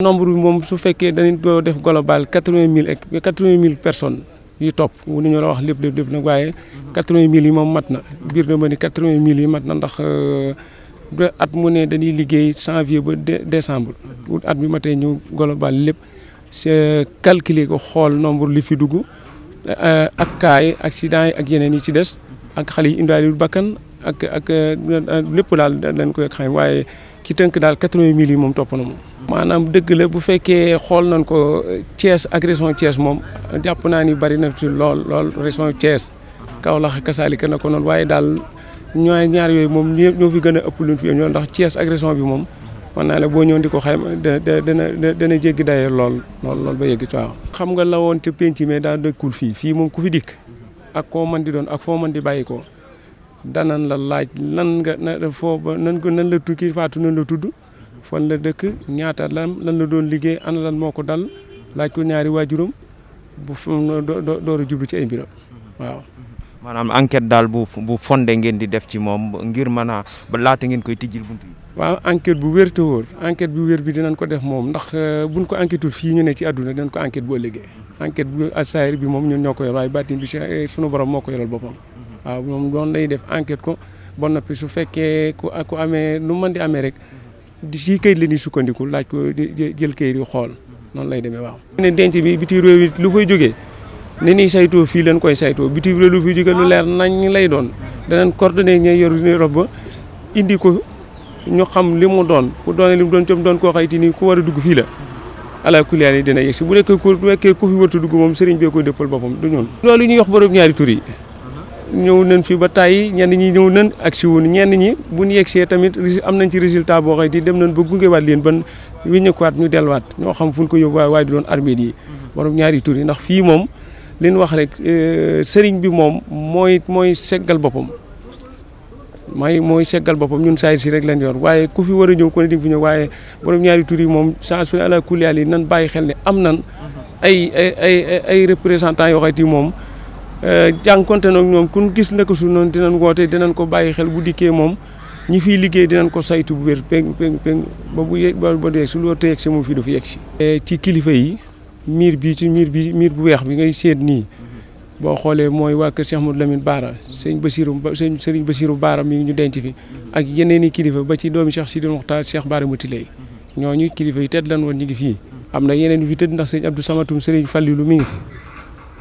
nombre bi moom su fekkee dañu ko def global quatre-vingt mille et mille personnes yu topp mënu ñu la wax lépp lépp lépp nag waaye quatre-vingt yi moom mat na biir na ma ni quatre-vingt mille yi mat na ndax euh, at mu ne dañuy liggéey janvier ba décembre pour at bi matee tey ñu global lépp c'est calculer ko xool nombre li fi dugg euh, ak cas yi accident ak yeneen yi ci des ak xale yi indaale bakkan ak ak lépp daal dañ koy xam waaye ki tënk daal quatre-vingt mille moom topp na moom. maanaam dëgg la bu fekkee xool nañ ko Thiès ak région moom jàpp naa ni bari na ci lool lool région Thiès Kaolack kasaalika na ko noonu waaye daal ñoo ñaar yooyu moom ñoo fi gën a ëpp luñ fi ndax Thiès ak bi moom. man naa la boo ñëw di ko xayma da da dana dana jéggi daye lool lool lool ba yegg waaw. xam nga la woon te penc mais daa dëkkul fii fii moom ku fi dikk ak koo mën di doon ak foo mën di bàyyi ko danan la laaj lan nga na foo nan ko nan la tukki faatu nan la tudd fan la dëkk ñaata lan lan la doon liggéey ana lan moo ko dal laaj ko ñaari waajuram bu door a jublu ci ay mbiram waaw. maanaam daal bu bu fondé ngeen di def ci moom ngir man a ba laata ngeen koy tijjil bunt yi. waaw enquête bu wér te wóor enquête bu wér bi dinañ ko def moom ndax euh, buñ ko enquêtul fii ñu ne ci àdduna dinañ ko enquête boo liggéey enquête bu asaayir bi moom ñun ñoo ko yor waaye baatin bi eh, sunu borom moo ko yoral boppam. waaw moom doon lay def enquete ko ba noppi su fekkee ku ku amee lu mën di amee rek di ci kayit la sukkandiku laaj ko jël kayit yu xool noonu lay demee waaw. ne denc bi biti réew yi lu fay jógee ni ñuy saytoo fii lan koy saytoo biti réew lu fay jógee lu leer nañ lay doon danañ coordonné ñooy yor ne rob ba indi ko ñu xam li mu doon ku doone li mu doon coono doon koo xayti ni ku war a dugg fii la. ala kuliyaan yi dina yegsi bu bu nekkee ku fi wërtu dugg moom sëriñ bee koy dëppal boppam du ñun. loolu ñuy wax borom ñaari ñëw nañ fi ba tàyyi ñenn ñi ñëw nan ak si wuñu ñenn ñi bu ñu see tamit am nañ ci résultat boo xam ne dem nañ ba gungewaat leen ban wéññeekuwaat ñu delluwaat ñoo xam fu ñu ko yóbbu waaye waaye du doon armée yi. Mhm. ñaari tur yi ndax fii moom li wax rek euh, sëriñ bi moom mooy mooy seggal boppam. may mooy seggal boppam ñun saay si rek lañ yor waaye ku fi war ñëw ku ne di ñëw waaye borom ñaari tur yi moom saa su ne ala kulli yi nan bàyyi xel ne am nan mhm. ay ay ay ay représentants yoo xam moom. Euh, jànkonte nag ñoom kun gis naka su noonu dinañ woote dinañ ko bàyyi xel bu dikkee moom ñi fiy liggéey dinañ ko saytu bu wér péng péng péng ba bu ye loo tey yegg si moom fii du fi yegg si. E, ci kilifa yi miir bii ci miir bi miir bu weex bi ngay seet nii boo xoolee mooy waa kër Cheikh Modou Lamine Baara sëñ Bassirou sëñ Serigne Bassirou Baara mi ñu denc fi ak yeneen i kilifa ba ci doomi Cheikh Sidi Mokhtar Cheikh Baara ñoo ñooñu kilifa yi tedd lan woon ñu ngi fii am na yeneen yu fi tëdd ndax sëñ Abdou Samatum Serigne Fallilou mi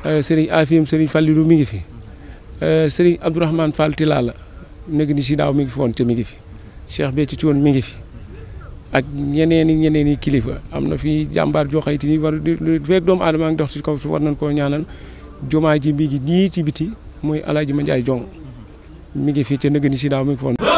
Euh, sëriñ Afim sëriñ Fallilou mi ngi fi euh, sëriñ Abdourahmane Fall Tilala la ni si daaw mi ngi fi woon te mi ngi fi Cheikh Béthio Thioune mi ngi fi ak ñeneen i ñeneen i kilifa am na fi jàmbaar joo xayti ni war feek doomu aadama ngi dox ci kaw su war nañ koo ñaanal jumaa ji mi ngi nii ci biti muy Alaaji Mandiaye Diong mi ngi fi te nekk ni si daaw mi ngi